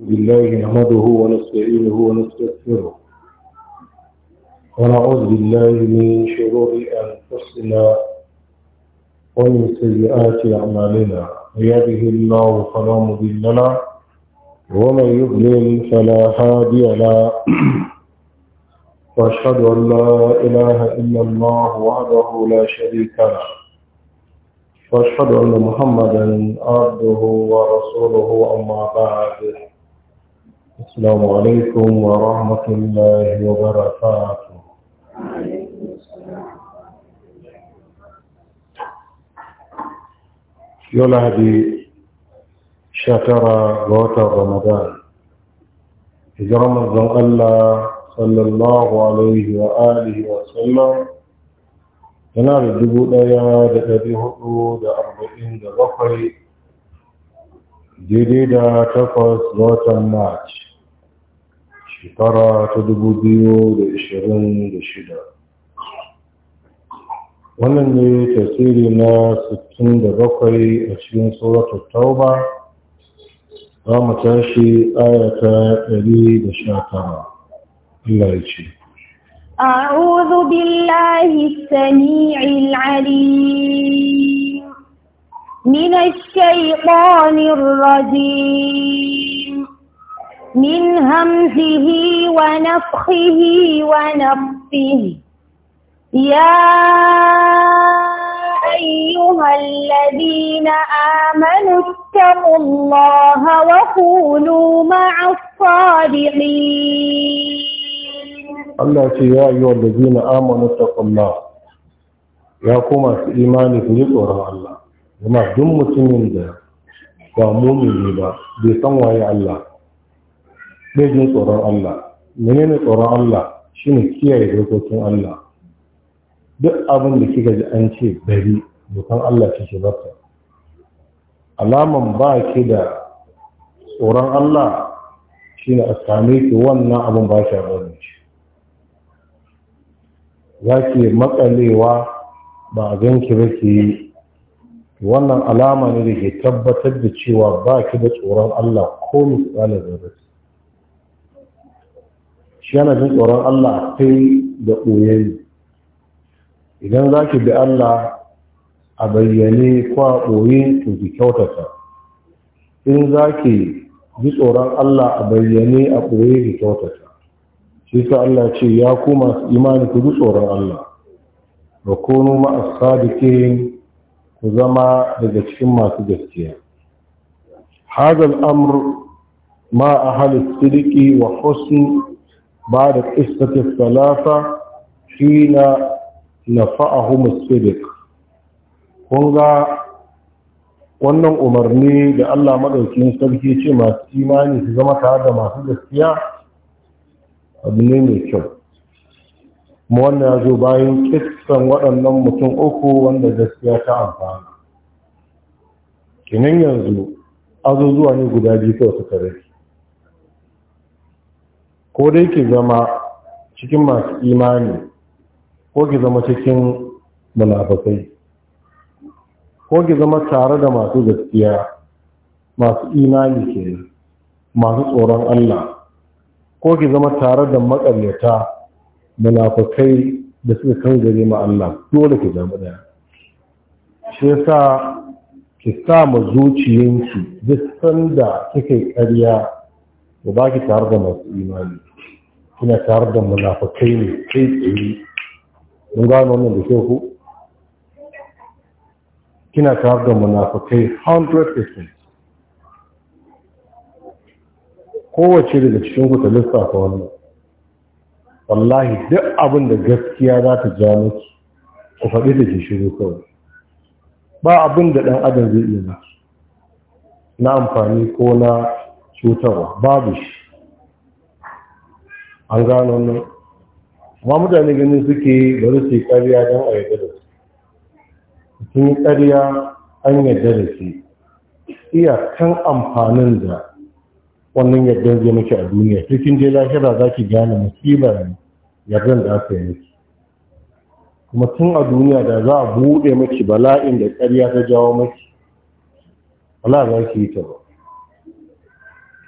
بالله نحمده ونستعينه ونستغفره ونعوذ بالله من شرور أنفسنا ومن سيئات أعمالنا بيده الله فلا مضل له ومن يضلل فلا هادي له واشهد ان لا اله الا الله وحده لا شريك له واشهد ان محمدا عبده ورسوله اما بعد السلام عليكم ورحمة الله وبركاته يولا هدي شكرا غوتا رمضان إذا رمضان الله صلى الله عليه وآله وسلم yana da dubu ɗaya da ɗari hudu da arba'in da bakwai shekara ta dubu biyu da ishirin da shida wannan ne tasiri na sittin da bakwai a cikin suratul tauba za mu tashi ayata ɗari da sha tara Allah ya ce أعوذ بالله السميع العليم من الشيطان الرجيم من همزه ونفخه ونفثه يا أيها الذين آمنوا اتقوا الله وكونوا مع الصادقين الله يا أيها الذين آمنوا اتقوا الله يا كما في إيمانك الله وما دم من ذا ba mumini ba الله bai jin tsoron Allah menene tsoron Allah shine kiyaye dokokin Allah duk abin da kika ji an ce bari dokan Allah ce ce barka alaman ba ki da tsoron Allah shine a same ki wannan abin ba shi abin shi za ki makalewa ba a ganki ba ki yi wannan alama ne da ke tabbatar da cewa ba ki da tsoron Allah ko misalin zarafi shi yana jin tsoron Allah kai da ne. idan za ki bi Allah a bayyane ko a ɓoye to ki kyautata in za ki ji tsoron Allah a bayyane a ɓoye ki kyautata shi sa Allah ce ya ku masu imani ku ji tsoron Allah wa kono ma'as sadikin ku zama daga cikin masu gaskiya hazal amr ma ahli sidiki wa husn بعد قصة الثلاثة حين نفعهم الصدق kunga wannan umarni da Allah madaukin sarki ce masu imani su zama tare da masu gaskiya abu ne mai kyau kuma wannan ya zo bayan kitsan waɗannan mutum uku wanda gaskiya ta amfana kinan yanzu azuzuwa ne guda biyu kawai suka rage ko dai ki zama cikin masu imani ko ki zama cikin munafakai ko ki zama tare da masu gaskiya masu imani ke masu tsoron Allah ko ki zama tare da makaryata munafakai da suka kan gare ma Allah dole ki zama daya shi yasa ki sa ma zuciyanki duk sanda kike ƙarya da ba ki tare da masu imani kuna tare da munafakai ne kai tsaye mun gano wannan da ke ku kina tare da munafakai 100% kowace daga cikin ku ta lissafa wannan wallahi duk abin da gaskiya za ta ja miki ku faɗi da ke shiru kawai ba abin da ɗan adam zai iya na amfani ko na cutarwa babu shi an gano nan amma mutane ganin suke bari su yi ƙarya don a yadda da su sun yi ƙarya an yadda da su iya kan amfanin da wannan yadda zai muke a duniya cikin je lahira za ki gane musibar yardar da aka yi miki kuma tun a duniya da za a buɗe miki bala'in da ƙarya ta jawo miki wala za ki yi ta ba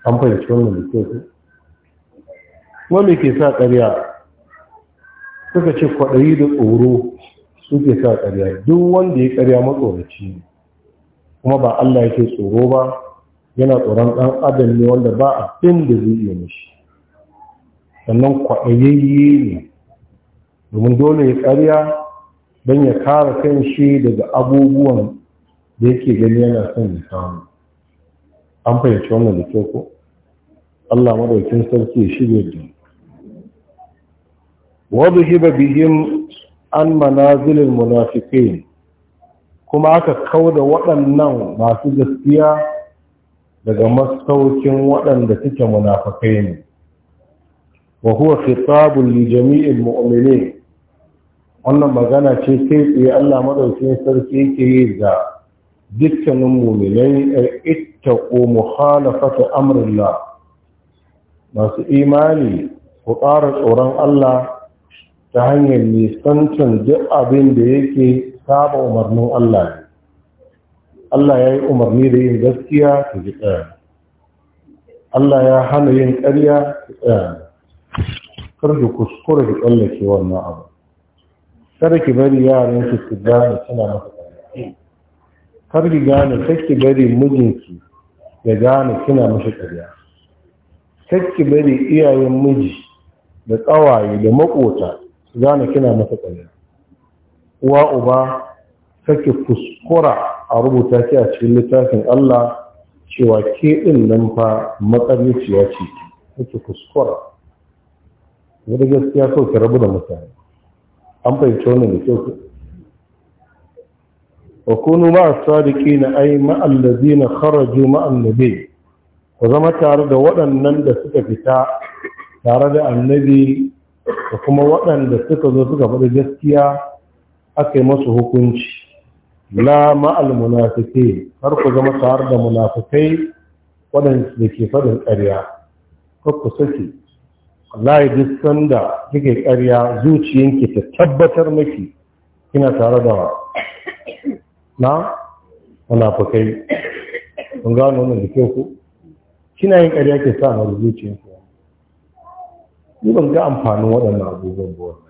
an fahimci wannan da kyau wani ke sa ƙarya suka ce kwaɗayi da tsoro suke sa ƙarya duk wanda ya ƙarya matsoraci ne kuma ba Allah yake tsoro ba yana tsoron ɗan adam ne wanda ba a abin da zai iya mishi sannan kwaɗayayye ne domin dole ya ƙarya don ya kare kan shi daga abubuwan da yake gani yana son ya samu an fahimci wannan da kyau ko Allah madaukin sarki ya shirya da wadhiba bihim an manazilil munafiqin kuma aka kauda waɗannan masu gaskiya daga masaukin waɗanda suke munafikai ne wa huwa khitabun li jami'il mu'minin wannan magana ce kai tsaye Allah madaukakin sarki yake yi ga dukkanin mu'minai ittaqu mukhalafata amrillah masu imani ku ƙara tsoron Allah ta hanyar nisantan duk abin da yake saba umarnin Allah ne Allah ya yi umarni da yin gaskiya ta ji tsaya Allah ya hana yin ƙarya ta tsaya kar da kuskure da tsallake wannan abu kada ki bari yaran su su gane suna maka ƙarya kar ki gane kar ki bari mijinki ya gane suna masa ƙarya kar ki bari iyayen miji da tsawaye da maƙota zana kina masa ƙarya uwa uba kake kuskura a rubuta ki a cikin littafin Allah cewa ke ɗin nan fa matsalaciya ce kake kuskura wani gaskiya so ki rabu da mutane an fahimci wannan da kyau wa kunu ma sadiki na ai ma'allazi na kharaju ma'annabi ku zama tare da waɗannan da suka fita tare da annabi da kuma waɗanda suka zo suka faɗi gaskiya aka yi masu hukunci la ma'al munafikai har ku zama tare da munafikai waɗanda da ke faɗin ƙarya kar ku saki wallahi duk sanda kike ƙarya zuciyanki ta tabbatar miki kina tare da na munafikai kun gano wannan da kyau ku kina yin ƙarya ke sa na zuciyanki ni ban ga amfanin waɗannan abubuwan ba wannan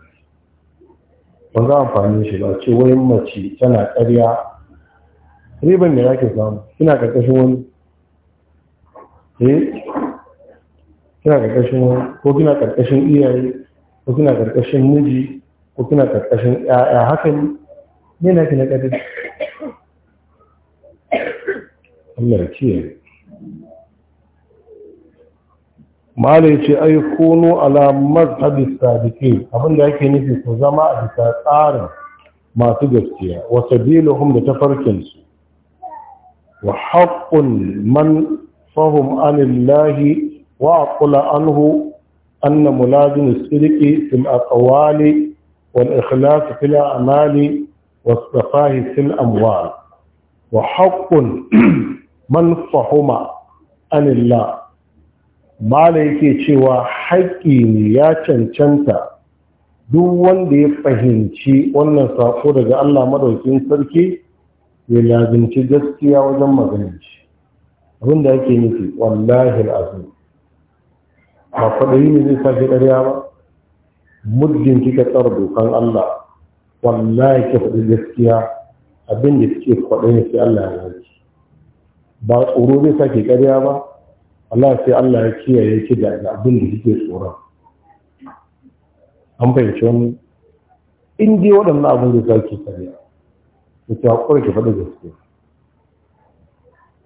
ban ga amfanin shi ba ce wani mace tana ƙarya riban ne ke samu kina ƙarƙashin wani eh kina ƙarƙashin wani ko kina ƙarƙashin iyaye ko kina ƙarƙashin miji ko kina ƙarƙashin ƴaƴa haka ne ne na kina ƙarƙashin Allah ya kiyaye mala ya ce ai kono ala mazhabi sadiki abinda yake nufi su zama a bisa tsarin masu gaskiya wa sabiluhum da tafarkin su wa haqqun man fahim anillahi wa aqla anhu anna mulazim as fil aqwali wal ikhlas fil a'mali was safahi fil amwal wa haqqun man fahuma anillah mala yake cewa haƙƙi ne ya cancanta duk wanda ya fahimci wannan saƙo daga Allah madaukin sarki ya lazimci gaskiya wajen magana. shi abinda yake nufi wallahi al'azim ba kwaɗayi ne zai sake ƙarya ba muddin kika tsara dokan Allah wallahi ki faɗi gaskiya abin da kike faɗa ne sai Allah ya ba tsoro zai sake ƙarya ba Allah sai Allah ya kiyaye ki da abin da kike tsoron an fahimci wani in dai waɗannan abin da sake kare, da ta haƙura ki faɗi gaske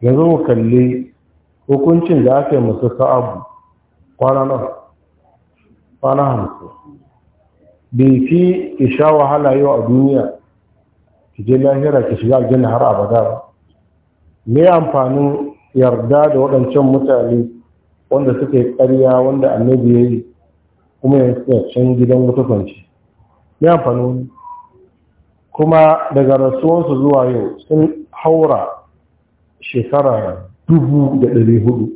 yanzu mu kalli hukuncin da aka yi masu sa'abu kwana nan kwana hamsin bai fi ki sha wahala yau a duniya ki je lahira ki shiga aljanna har abada ba me amfanin yarda da waɗancan mutane wanda suka yi ƙarya wanda annabi ya yi kuma ya suka can gidan wuta kwanci ya amfani kuma daga rasuwansu zuwa yau sun haura shekara dubu da ɗari hudu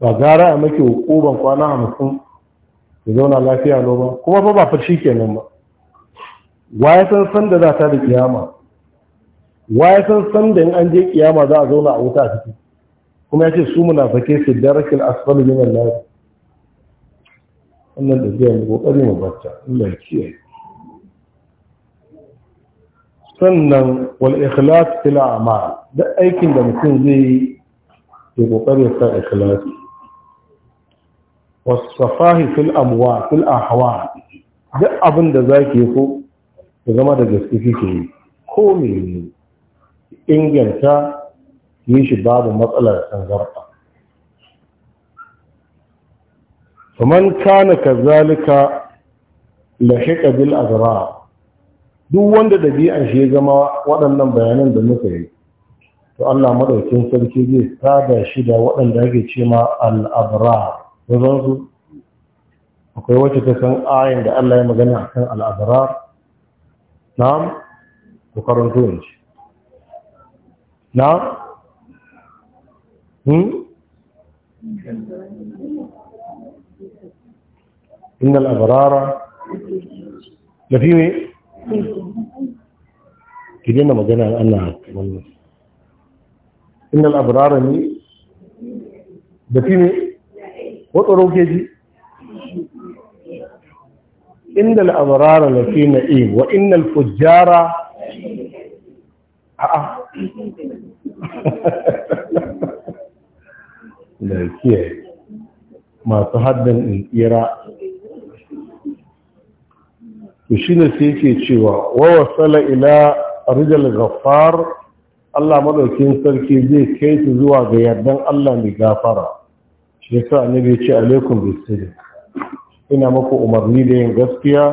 ba gara a maki hukuban kwana hamsin da zauna lafiya noma kuma ba ba fashi kenan ba wa ya san san da za ta da kiyama wa ya san san da in an je kiyama za a zauna a wuta a ciki kuma ya ce su muna fake su darakil asfali min an-nar wannan da zai yi kokari mu bacca Allah ya kiyaye sannan wal ikhlas fil a'mal da aikin da mutum zai yi ya kokari ya sa ikhlas wasafahi fil amwa fil ahwa duk abin da zaki ko ya zama da gaske kike yi ko menene inganta yi shi babu matsalar tangarɗa faman kana kazalika lashe bil azra duk wanda dabi'an shi ya zama waɗannan bayanan da muka yi to Allah maɗaukin sarki zai sada shi da waɗanda ake ce ma al zan su akwai wacce ta san ayin da Allah ya magana akan al abra na'am ku karanto ne نعم هم؟ إن الأبرار لفي مين ما جانا أنا إن الأبرار مين لفي مين وطروا كيجي إن الأبرار لفي نعيم وإن الفجار آه. da ke masu haddin inkira to shi ne sai ke cewa wawasala ila rijal gafar Allah madaukin sarki zai kai su zuwa ga yardan Allah mai gafara shi yasa annabi ya ce alaikum bisidq ina muku umarni da yin gaskiya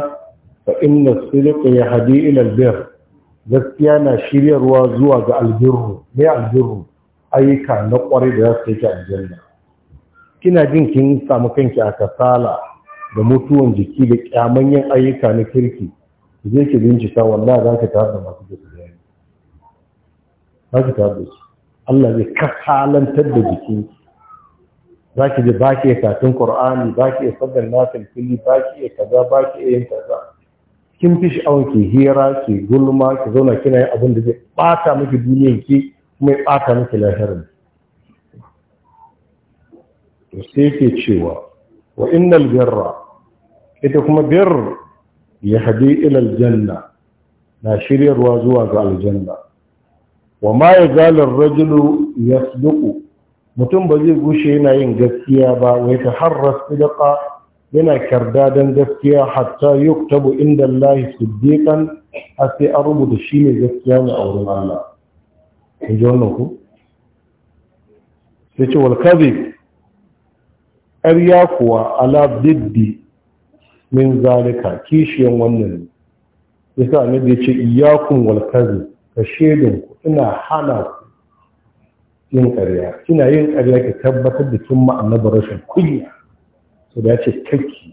fa inna ya yahdi ila albir gaskiya na shiryarwa zuwa ga albirru mai albirru ayyuka na kwarai da za su yake aljanna kina jin kin samu kanki a kasala da mutuwan jiki da kyaman yin ayyuka na kirki zai je ki bincika wallahi za ka tare da masu da bayani za ka tare da su Allah zai kasalantar da jiki za ki je ba ki katun Qur'ani ba ki sadar nafil fili ba ki kaza ba ki yin kaza kin fi sha'awar ki hira ki gulma ki zauna kina yin abin da zai bata miki duniyar ki kuma ya bata miki lahirin to sai ke cewa wa innal birra ita kuma bir ya hadi ila aljanna na shiryarwa zuwa ga aljanna wa ma ya ar-rajulu yasduqu mutum ba zai gushe yana yin gaskiya ba wai ta harra sidqa yana karda don gaskiya hatta bu inda Allah su a sai an rubuta shi ne gaskiya ne a wurin Allah in ji wannan ku sai ce wal ƙarya kuwa ala diddi min zalika kishiyan wannan ne yasa ne da ce iyakun wal ka shedin ku ina hana ku yin ƙarya Ina yin ƙarya ki tabbatar da kin ma'annabar rashin kunya su dace ce kakki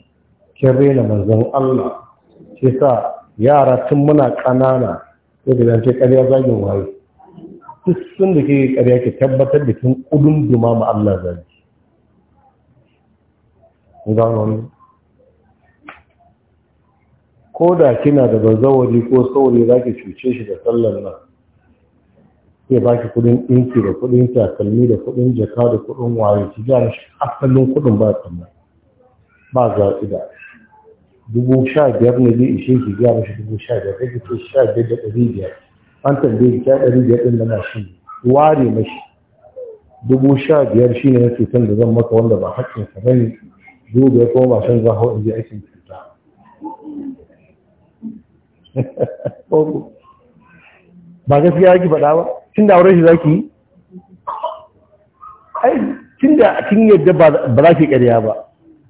kin rena manzon Allah shi sa yara tun muna ƙanana sai da zance ƙarya zagin waye duk sun da ke ƙarya ke tabbatar da kin ƙudun duma ma Allah zagi Idan ko da kina da bazawari ko saurayi za ki cuce shi da sallar nan sai baki ki kudin ɗinki da kudin takalmi da kudin jaka da kudin waye ki gane shi asalin kudin ba tsammani ba za su da dubu sha biyar ne zai ishe ki biya mashi dubu sha biyar kake ce sha biyar da ɗari biyar an tambaye ki ɗari biyar ɗin na shi ware mashi dubu sha biyar shi ne na cutar da zan maka wanda ba haƙƙinsa ba ne dubu biyar kuma ba san za hau in je aikin cuta ba gaskiya ki faɗa ba tun da auren shi za ki yi ai tun da kin yadda ba za ki ƙarya ba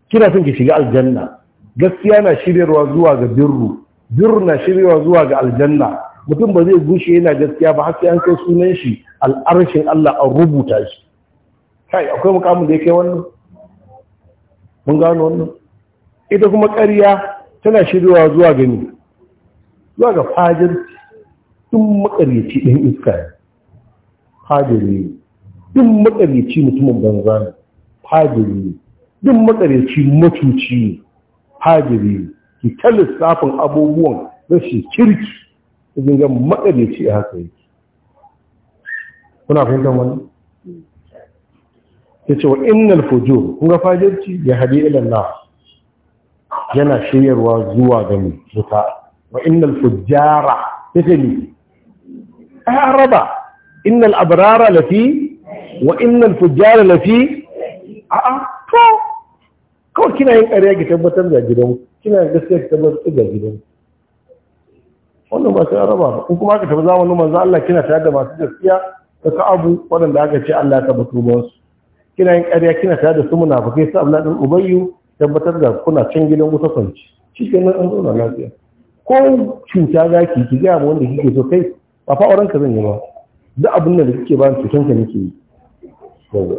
kina son ki shiga aljanna gaskiya na shiryarwa zuwa ga birru birru na shiryarwa zuwa ga aljanna mutum ba zai gushe yana gaskiya ba har sai an kai sunan shi al'arshin Allah an rubuta shi kai akwai mukamin da ya kai wannan mun gano wannan ita kuma ƙarya tana shiryarwa zuwa ni zuwa ga fajir ɗin makaryaci ɗin iska ne fajir ne ɗin makaryaci mutumin banza ne fajir ne duk matsareci matuci ne hajiri ki ta lissafin abubuwan rashin kirki wajen ga matsareci a haka yake kuna fahimtar wani ya ce wa innal fujo kuma fajirci ya hadi ilallah yana shiryarwa zuwa ga mai wuta wa innal fujjara ya ce ni ya raba innal abrara lafi wa innal fujjara lafi a'a to kawai kina yin ƙarya ki tabbatar da gidan kina yin gaskiya ki tabbatar da gidan wannan ba sai raba ba kuma aka tabbata zamanin manzo Allah kina tare da masu gaskiya da ka abu waɗanda aka ce Allah ta batu ba su kina yin ƙarya kina tare da su munafikai sai Allah din ubayyu tabbatar da kuna can gidan wuta kwanci shi ke nan an zauna lafiya ko cuta za ki ki gaya wanda kike so kai ba fa auren ka zan yi ba duk abin da kike ba cutan ka nake yi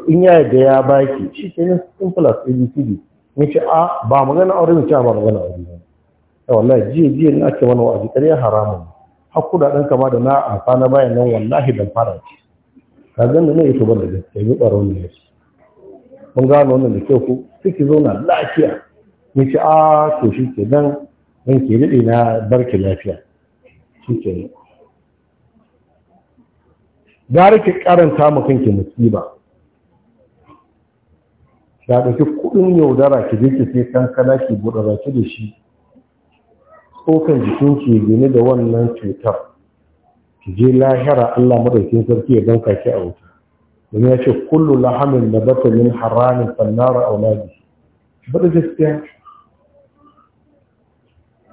in ya yarda ya baki shi ke nan simple as abcd ni ce a ah, ba magana aure ni ce ba magana aure ba ya wallahi jiye-jiye ni ake wani wa'azi kariya haramun har kudaden kama da na amfana na bayan nan wallahi dan fara ce ka gani ne ita da gaskiya ni baro ne yake mun gano wannan da kyau ku suke zauna lafiya ni ce a ah, to shi ke dan dan ke daɗe na barki lafiya shi ke ne gara ki karanta mu kanki musiba ya ɗauki kuɗin yaudara ki je ki sai kankana ki buɗe baki da shi tsokan jikin ki gini da wannan cutar ki je lahira Allah madaukin sarki ya danka ki a wuta don ya ce kullu lahamin da bata min haramin fannara a wani bada gaskiya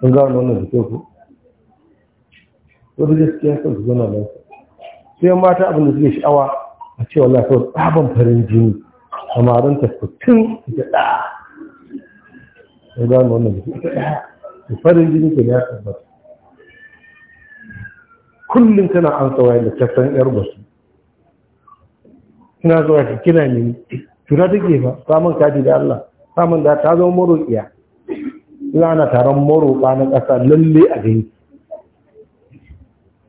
sun gano wannan da ku bada gaskiya kan su zana nan sai mata abin da suke sha'awa a cewa wallah kawai tsaban farin jini samarin ta sittin da ɗaya ya gano wannan da ita ɗaya da farin jini ke ya tabbata kullum tana an tsawa da kasan yar basu kina zuwa ki kina ne tuna take fa samun kaji da Allah samun da ta zama maroƙiya ina ana taron maroƙa na ƙasa lalle a gani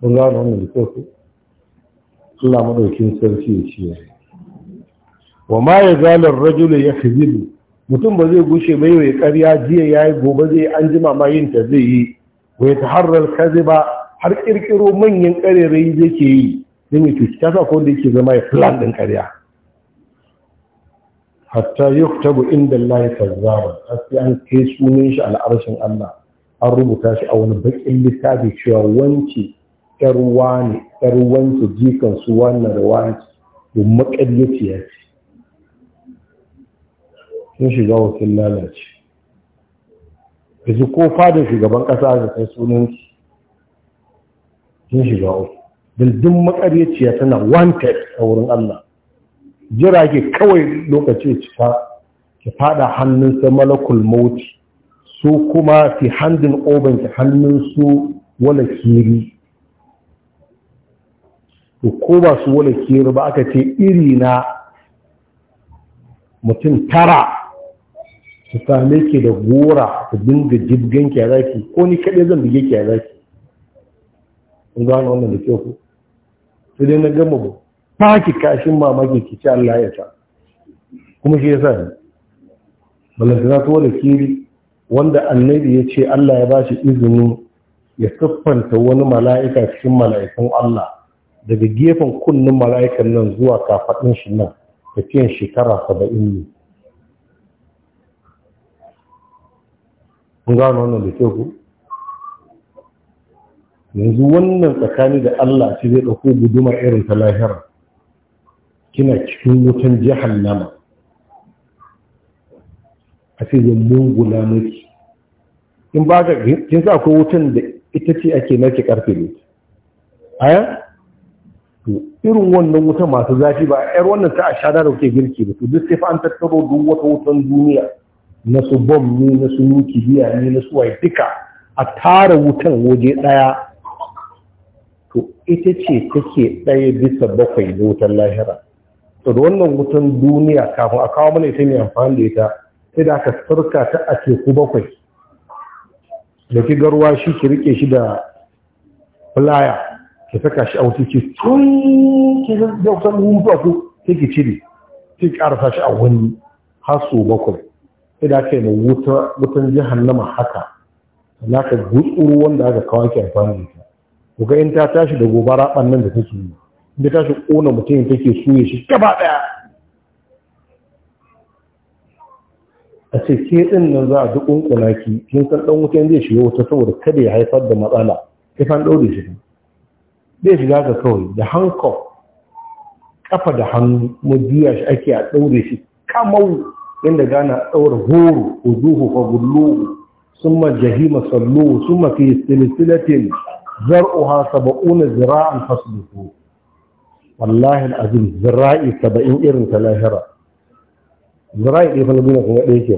mun gano wannan da kofi Allah madaukin sarki ya shi yi. wa ma ya zalar rajula ya zilu mutum ba zai gushe bai wai karya jiya ya yi gobe zai an ji mamayin yinta ta zai yi wai ta harar kazi ba har ƙirƙiro manyan karerai zai ke yi don ya ta sa da yake zama ya filan ɗin karya hatta yi tabu inda Allah ta kazzaba har an kai sunan shi al'arshin Allah an rubuta shi a wani baƙin littafi cewa wance ƴar wani jikansu wance jikan su wannan da wani sun shiga wakil lalace yanzu ko fadin shugaban ƙasa da kai sunan sun shiga wakil dindin makaryaciya tana wanted a wurin Allah jira ke kawai lokaci cika ki fada hannun sa malakul mauti su kuma fi handin oban ki hannun su wala kiri ko ba su wala kiri ba aka ce iri na mutum tara su same ki da gora su dinga jibgen ki ko ni kaɗai zan bige ki a zaki in wannan da kyau ku sai dai na gama ba ta ki kashin mamaki ki ci Allah ya sa kuma shi ya sa ne na tuwa da kiri wanda annabi ya ce Allah ya ba shi izini ya siffanta wani mala'ika cikin mala'ikan Allah daga gefen kunnen mala'ikan nan zuwa kafaɗin shi nan tafiyan shekara saba'in ne kun gano wannan da kyau ku yanzu wannan tsakani da Allah shi zai ɗauko gudumar irin ta lahira kina cikin wutan jahannama a ce zai mungula miki in ba ga kin sa akwai wutan da ita ce ake naki karfe ne aya to irin wannan wuta masu zafi ba yar wannan ta a shada da kuke girki ba to duk sai fa an tattaro duk wata wutan duniya na su bom ne na su nukiliya ne na su wai duka a tara wutan waje ɗaya to ita ce take ɗaya bisa bakwai da wutan lahira to da wannan wutan duniya kafin a kawo mana ita mai amfani da ita sai da aka sarka ta a teku bakwai da ki garwa shi ki rike shi da flyer ki saka shi a wuce ki tun ki da wutan hutu a su sai ki cire ki karasa shi a wani har bakwai sai da yi wuta wutan na haka na ka gutsuru wanda aka kawo ki amfani da ita ku in ta tashi da gobara ɓannan da take yi in ta tashi kona mutum ke suye shi gaba ɗaya. a ce ke nan za a duk kunkuna ki kin san ɗan wutan zai shiga wuta saboda kada ya haifar da matsala ta fan ɗaure shi zai shiga ka kawai da hankal ƙafa da hannu mu biya shi ake a ɗaure shi kamau inda gana ɗaura horo ujuhu fa gulluhu summa jahima sun ma fi silsilatin zar'uha sab'una zira'an fasluhu wallahi azim zira'i saba'in irin ta lahira zira'i ɗaya fana duniya kuma ɗaya ke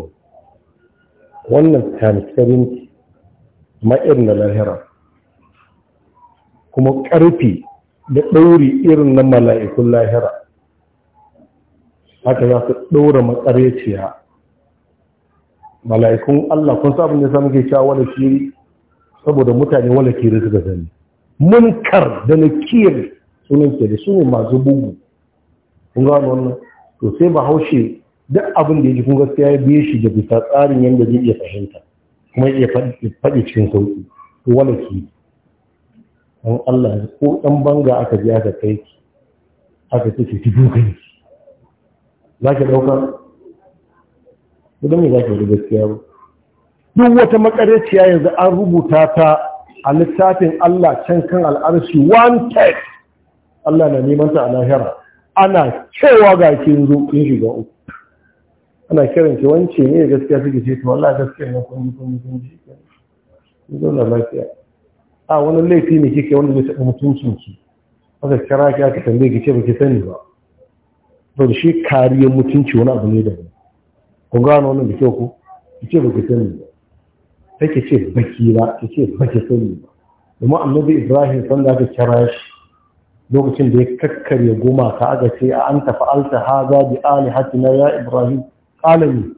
wannan tamiskarinci ma irin na lahira kuma ƙarfi da ɗauri irin na mala'ikun lahira haka za su ɗora makareciya mala'ikun Allah kun sabon ya samu ke cewa wani shiri saboda mutane wani kiri suka zani. munkar da na kiri sunan ke da su ne masu bugu kun gano wannan to sai ba haushe duk abin da ya ji kun gaskiya ya biye shi da bisa tsarin yadda zai iya fahimta kuma ya faɗi cikin sauƙi to wani kiri don Allah ko ɗan banga aka ji aka kai aka ce ki duka ne za ki ɗauka idan mai za ki wani gaskiya ba duk wata makarciya yanzu an rubuta ta a littafin Allah can kan al'arshi one text Allah na neman ta a lahira ana cewa ga kin zo kin shiga uku ana kiran ki wance ne gaskiya suke ce to Allah gaskiya ne kun yi kun kun ji kun zo na lafiya a wani laifi ne kike wanda zai taɓa mutuncin ki aka kira ki aka tambaye ki ce ba ki sani ba saboda shi kariyar mutunci wani abu ne da ne kun gano wannan da kyau ku ki ce baki sani ba ki ce baki ba ki ce baki sani ba domin annabi ibrahim sanda aka kira shi lokacin da ya kakkarya ka aka ce a an tafi alta haza bi ali hatina ya ibrahim qalami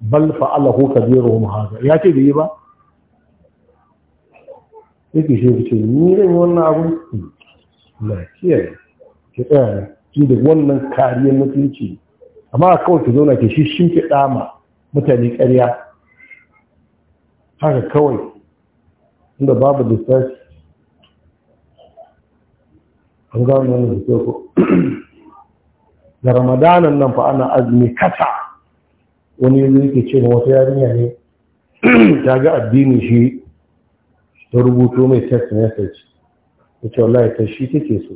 bal fa Allah fa'ala hu mu haza ya ce da yi ba yake shi ce ni ne wannan abu hmm. lafiya ki tsaya shi da wannan kariyar mutunci amma kawai ka zauna ke shi shimfi dama mutane karya haka kawai inda babu lissafi an gano wani da ko da ramadanan nan fa ana azumi kata wani yanzu yake ce wata yarinya ne ta ga addini shi ta rubuto mai text message ta ce wallahi ta shi take so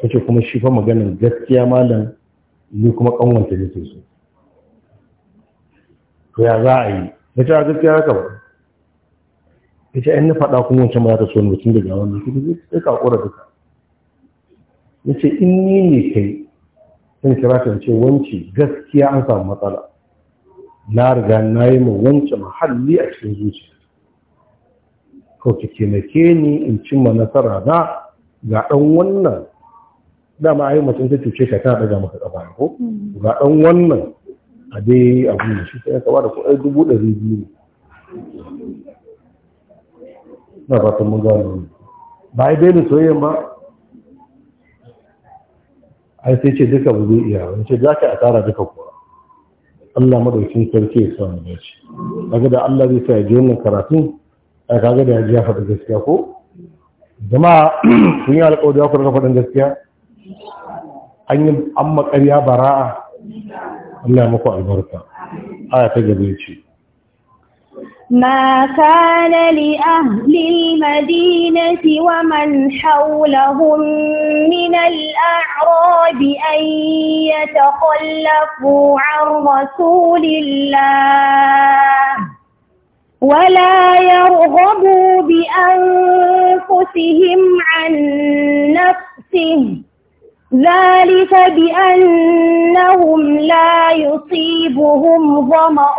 ta ce kuma shi fa maganin gaskiya malam ni kuma kanwanta nake so to ya za a yi na ce a gaskiya haka ba ta ce na faɗa kuma wancan ba za ta so ni mutum daga wannan kuma zai ka kakura duka ya ce in ni ne kai sun kira ka ce wanci gaskiya an samu matsala na riga na yi ma wancan mahalli a cikin zuciya ko ki taimake ni in cimma nasara na ga ɗan wannan dama yi mutum ta cuce ka ta daga maka kafa ko mm. ga dan wannan a dai abu ne shi sai ka bada ko ai dubu ɗari biyu na ba ta mun gano ba ai dai ni soyayyen ba ai sai ce duka ba zai iya wani ce za ka asara duka kuwa Allah madaukin sarki ya samu ya ce daga da Allah zai sa ya ji wannan karatun a kaga da ya ji ya faɗi gaskiya ko jama'a kun yi alƙawari ya faɗi faɗin gaskiya an yi an makarya bara'a Allah ya muku albarka aya ta gabe ce ما كان لأهل المدينة ومن حولهم من الأعراب أن يتخلفوا عن رسول الله ولا يرغبوا بأنفسهم عن نفسه ذلك بأنهم لا يصيبهم ظمأ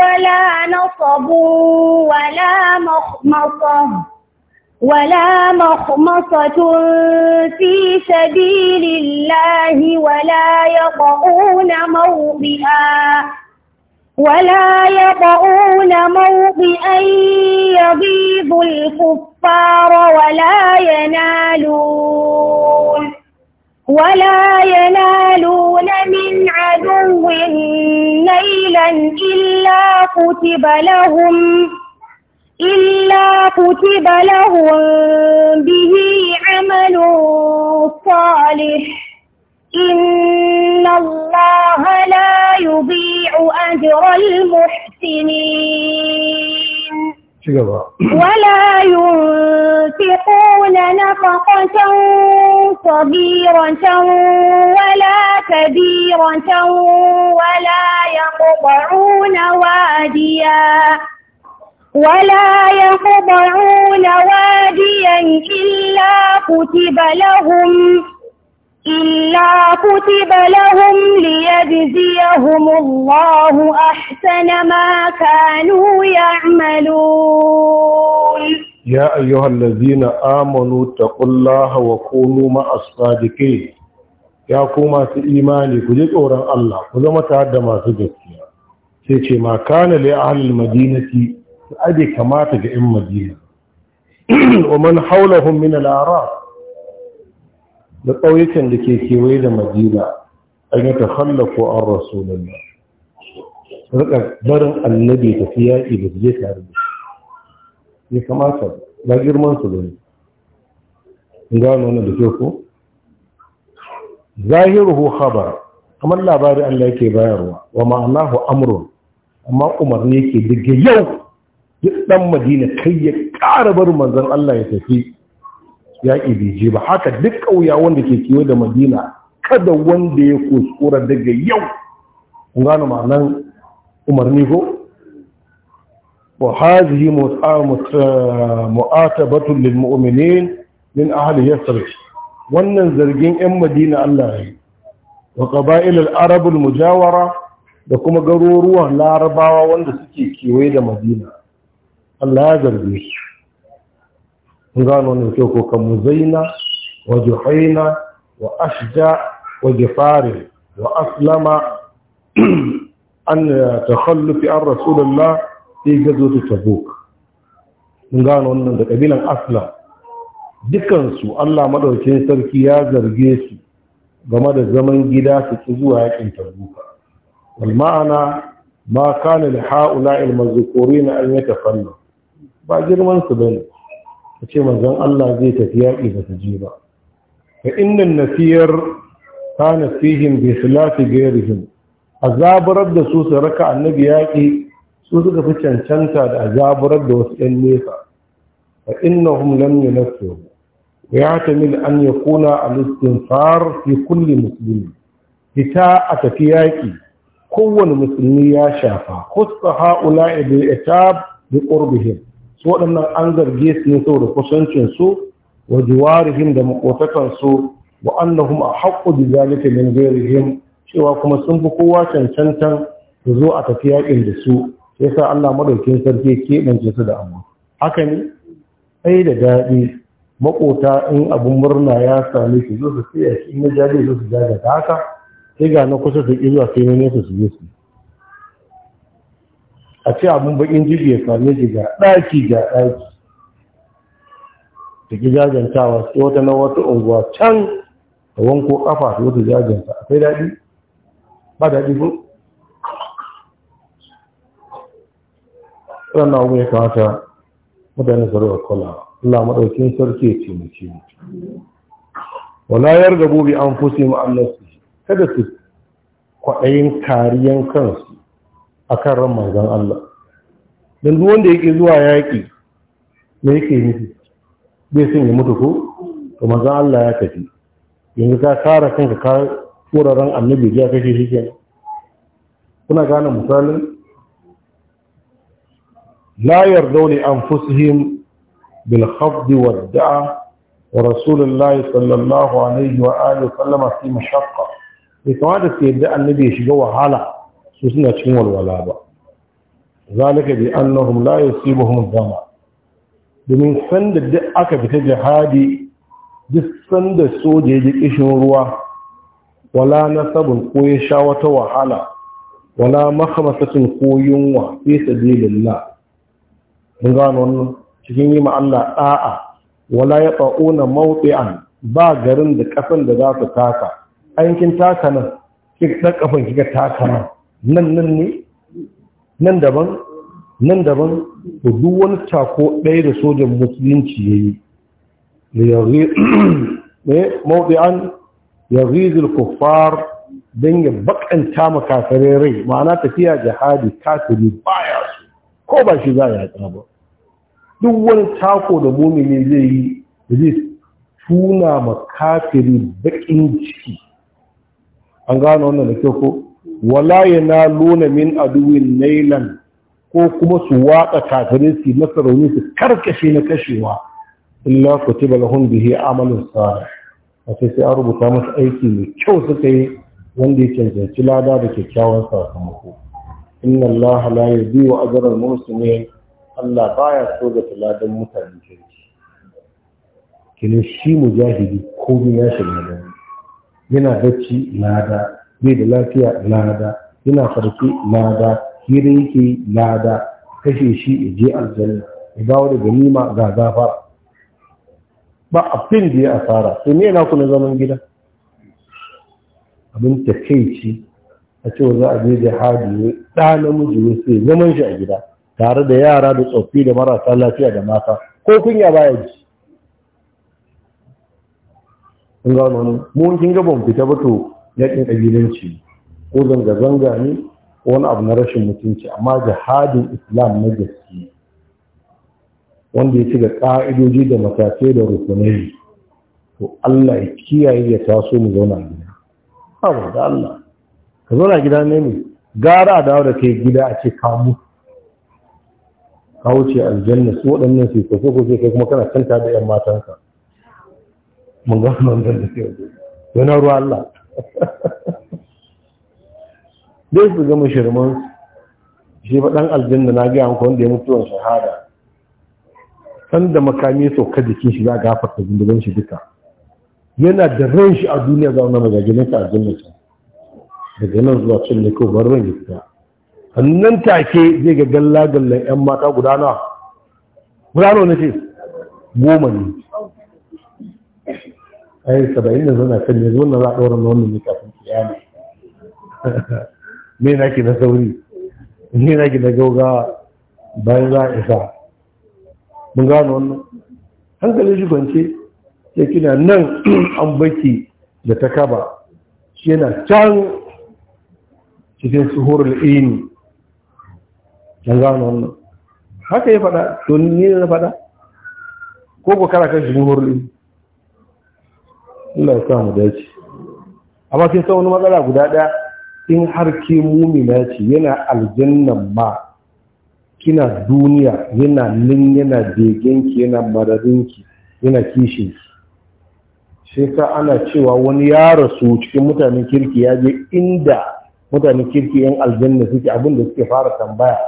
ولا نصب ولا مخمصة ولا مخمصة في سبيل الله ولا يطعون موضئا ولا يطعون موضئا يغيظ الكفار ولا ينالون ولا ينالون من عدو نيلا إلا كتب لهم إلا كتب لهم به عمل صالح إن الله لا يضيع أجر المحسنين ولا ينفقون نفقة صغيرة ولا كبيرة ولا يقطعون واديا ولا يقطعون واديا إلا كتب لهم إلا كتب لهم ليجزيهم الله أحسن ما كانوا يعملون يا أيها الذين آمنوا اتقوا الله وكونوا مع الصادقين ya ku masu imani ku ji tsoron Allah ku zama tare da masu gaskiya sai ce ma kana li ahlil madinati su ade kamata ga 'yan madina wa man hawlahum min arab da ƙauyukan da ke kewaye da madina an yi takhallako an rasulullah rika barin annabi tafi yaƙi da je tare da shi ya kamata ba girman su bane in gano wannan da ke ko zahiruhu khabar kamar labari Allah yake bayarwa wa ma'anahu amrun amma umarni yake daga yau duk dan Madina kai ya ƙara barin manzon Allah ya tafi yaƙi bai ba haka duk ƙauya wanda ke kewa da madina kada wanda ya kuskura daga yau kun gano ma'anan umarni ko wa hazihi lil mu'minin min ahli yasrib wannan zargin yan madina Allah ya wa qaba'il al arab al mujawara da kuma garuruwan larabawa wanda suke kewaye da madina Allah ya zarge shi kun gano wannan Zaina, ko kamuzaina wa juhaina wa ashja wa jifari wa aslama an takhallufi an rasulullah fi gazwatu tabuk mun gano da kabilan aslam dukansu Allah madaukakin sarki ya zarge su game da zaman gida su ci zuwa yakin tabuka wal ma'ana ma kana li ha'ula al mazkurin an yatafallu ba girman su bane ku ce manzan Allah zai tafi yaƙi ba su ji ba ta inda nasiyar ta nasihin bai su lafi gairihin azaburar da su su raka annabi yaƙi su suka fi cancanta da azaburar da wasu ƴan nesa ta inda hum lam yi nasiru ya ta mil an ya kuna a listin far fi kulli musulmi fita a tafi yaƙi kowane musulmi ya shafa kusa ha'ula'i bai etab bi ƙurbihin su waɗannan an zarge su ne saboda kusancinsu wa jiwarihim da makotakansu wa annahum a haƙƙo da zalika min ghairihim cewa kuma sun fi kowa cancantan su zo a tafi yaƙin da su sa Allah madaukin sarki keɓance su da abu haka ne ai da daɗi makota in abun murna ya same su zo su tsaya shi in na jaje zo su jaje ta haka sai ga na kusa su ƙi zuwa sai na nesa su je su a ce abin bakin jirgi ya same shi ga ɗaki ga ɗaki da ki jajantawa wata na wata unguwa can da wanko ƙafa da wata jajanta akwai daɗi ba daɗi ko sannan abu ya kamata mutane su rufe kula. Allah maɗaukin sarki ya ce mace mutu Wana yar da gobe an fusi ma'annarsu kada su kwaɗayin kariyan kansu a kan ran manzan Allah don duk wanda yake zuwa yaƙi me yake nufi bai son ya mutu ko to manzan Allah ya tafi yanzu ka kara kanka ka tura annabi ya kashe shi kenan kuna gane misalin la yardau li anfusihim bil khafd wad da'a wa rasulullahi sallallahu alaihi wa alihi wa sallama fi mashaqqa bai kamata su yadda annabi ya shiga wahala su suna cikin walwala ba zalika bi annahum la yusibuhum dama domin sanda duk aka fita jihadi duk sanda soja yaji ji kishin ruwa wala nasabun ko ya sha wata wahala wala makhmasatun ko yunwa fi sabilillah mun gano wannan cikin yi ma Allah da'a wala ya ta'una ba garin da kafan da za su taka an taka nan kika dan kafan kika taka nan nan nan ne nan daban nan daban to duk wani tako ɗaya da sojan musulunci ya yi mawuɗi'an ya rizil kuffar don ya bakanta makasarai rai ma'ana tafiya jihadi kafiri baya su ko ba shi za a yaƙa ba duk wani tako da mumini zai yi zai tuna makafiri baƙin ciki an gano wannan da kyau ko wala luna min aduwin nailan ko kuma su watsa kafirin su masa rauni su karkashe na kashewa illa kutiba lahum bihi amalun salih wato sai an rubuta masa aiki mai kyau suka yi wanda ya cancanci lada da kyakkyawan sakamako inna allaha la a ajra musu muhsinin Allah baya so ga taladan mutane kirki kinin shi mujahidi ko ya shiga yana bacci lada bai da lafiya lada yana farke lada hira yake lada kashe shi ya je aljanna ya dawo da ganima ga zafa ba abin da ya asara sai ne yana kuna zaman gida abin ta ci. a ce za a je jihadi ne ɗa namiji sai zaman shi a gida tare da yara da tsoffi da marasa lafiya da mata ko kunya baya ji in gano Mun kin ga ban fita ba to yakin ƙabilanci ko zanga-zanga ne ko wani abu na rashin mutunci amma jihadin islam na gaske wanda ya ci ga ƙa'idoji da matakai da rukunai to Allah ya kiyaye ya taso mu zauna gida abu da Allah ka zauna gida ne ne gara a dawo da kai gida a ce kamu mutu ce wuce aljanna su waɗannan su ko ko kai kuma kana kanta da 'yan matanka mun ga wannan da ke wajen yana ruwa Allah dai su gama shirman shi faɗan aljanna na gaya muku wanda ya mutuwar shahada san da makami sauka jikin shi za a gafarta zunduban shi duka yana da ran shi a duniya za a nama ka aljanna can daga nan zuwa can ne kawai ran ya hannun take zai ga galla gallan yan mata guda nawa guda nawa na ce goma ne ai saba'in da zana kan yanzu wannan za a na wannan ne kafin kiyama me na ki na sauri me na ki na gaugawa bayan za a isa mun gano wannan hankali shi kwance sai kina nan an baki da ta kaba shi yana can cikin suhur al'ini mun gano wannan haka ya faɗa to ni ne na faɗa ko ko kara kan suhurul ne? Allah ya samu dace amma kin san wani matsala guda ɗaya in har ke mumina ce yana aljannan ma kina duniya yana nan yana begenki yana mararinki yana kishinki sai ka ana cewa wani ya rasu cikin mutanen kirki ya je inda mutanen kirki yan aljanna suke abin da suke fara tambaya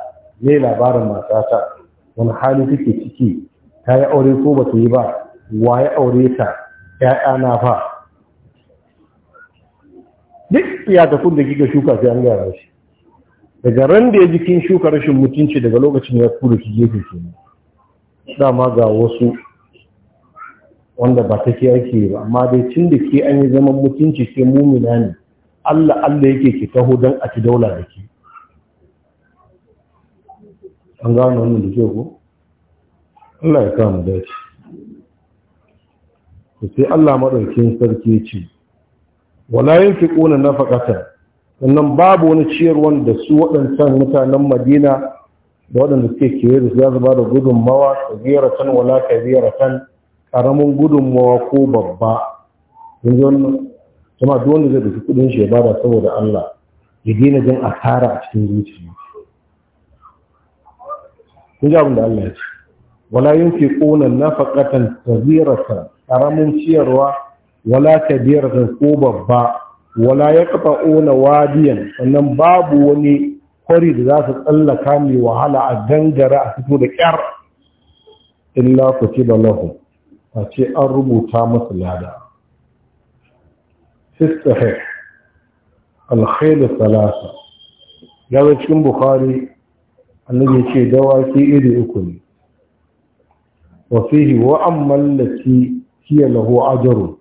ne labarin matata wani hali suke ciki ta yi aure ko ba yi ba wa ya aure ta ‘ya'yana fa duk ya iyakakun da kika shuka sai an gara shi daga ran da ya jikin shuka rashin mutunci daga lokacin ya kura shi gefe ke dama ga wasu wanda ba ta ke ake ba amma dai cin da ke an yi zaman mutunci sai mumina ne allah allah yake ke taho don a ci daula da ke an gano wannan da ke ko allah ya kama dace to sai Allah madaukakin sarki ya ce wala yunfiquna nafaqatan sannan babu wani ciyarwan da su waɗancan mutanen Madina da waɗanda suke kewaye da su za ba da gudunmawa kabiratan wala kabiratan ƙaramin gudunmawa ko babba yanzu wannan kuma duk wanda zai da kudin shi ya bada saboda Allah ya dina jin asara a cikin zuciya kun ji abin da Allah ya ce wala yunfiquna nafaqatan kabiratan karamin ciyarwa wala da ko babba wala ya kafa ona wadiyan sannan babu wani kwari da za su tsallaka mai wahala a gangara a fito da kyar illa da lahu a ce an rubuta masu lada sistahir alkhairu salasa gaba cikin bukari annabi ce dawaki iri uku ne wa fihi wa amman Jiya lahu ajaru.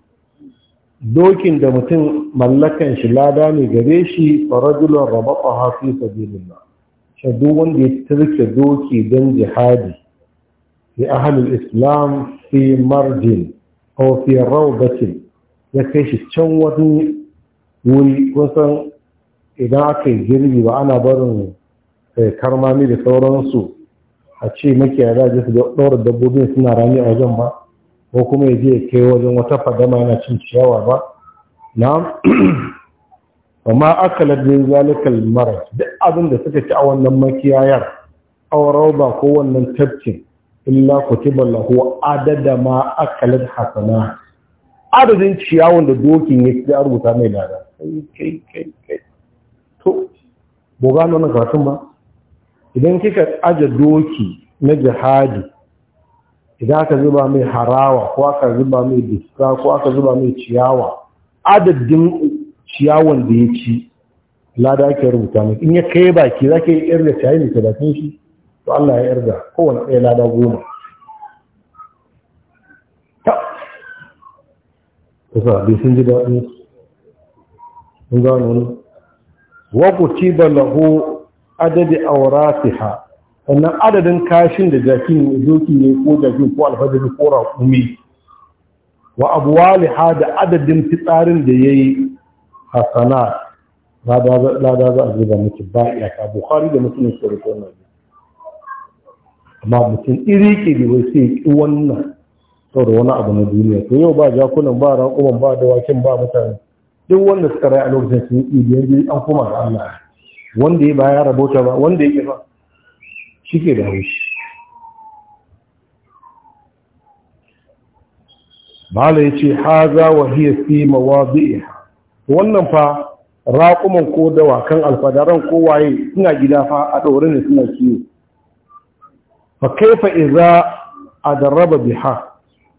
dokin da mutum mallakan shi lada ne gare shi rajulun rabataha fi sabilillah shi duk wanda ya tarke doki don jihadi ya ahlul islam fi marjin ko fi rawbatin ya kai shi can wani wuri kusan idan aka yi girbi ba ana barin eh, karmami da sauransu a ce makiyaya za su ɗaura dabbobin suna rani a wajen ba ko kuma ya je kai wajen wata fadama yana cin ciyawa ba na wa ma min zalikal marad duk abin da suka ci a wannan makiyayar aw rauba ko wannan tafkin illa kutiba lahu adada ma akalat hasana adadin ciyawan da dokin ya ci rubuta mai lada kai kai kai to bo na karatun ba idan kika aje doki na jihadi idan aka zuba mai harawa ko aka zuba mai duska ko aka zuba mai ciyawa adadin ciyawan da ya ci lada ake rubuta mai in ya kai baki za ka yi da ciyayi da talatin shi to Allah ya irga kowane ɗaya lada goma kusa bai sun ji daɗin sun gano wani wa ba lahu adadi ha? sannan adadin kashin da jakin ne doki ne ko jakin ko alfajiri ko raƙumi wa abuwaliha da adadin fitsarin da ya yi hasana lada za a zuba mutum ba yaka bukhari da mutum su na nan amma mutum iri da wasu ya ki wannan sau da wani abu na duniya to yau ba jakunan ba raƙuman ba dawakin ba mutane duk wanda suka rayu a lokacin sun yi yanzu an kuma ga Allah wanda ya baya rabota ba wanda ya ƙi ba shi da haushi bala ya ce haza wa hiya fi mawadi'iha wannan fa raƙuman ko wakan alfadaran ko waye suna gida fa a dore ne suna kiyo fa kaifa idza adarraba biha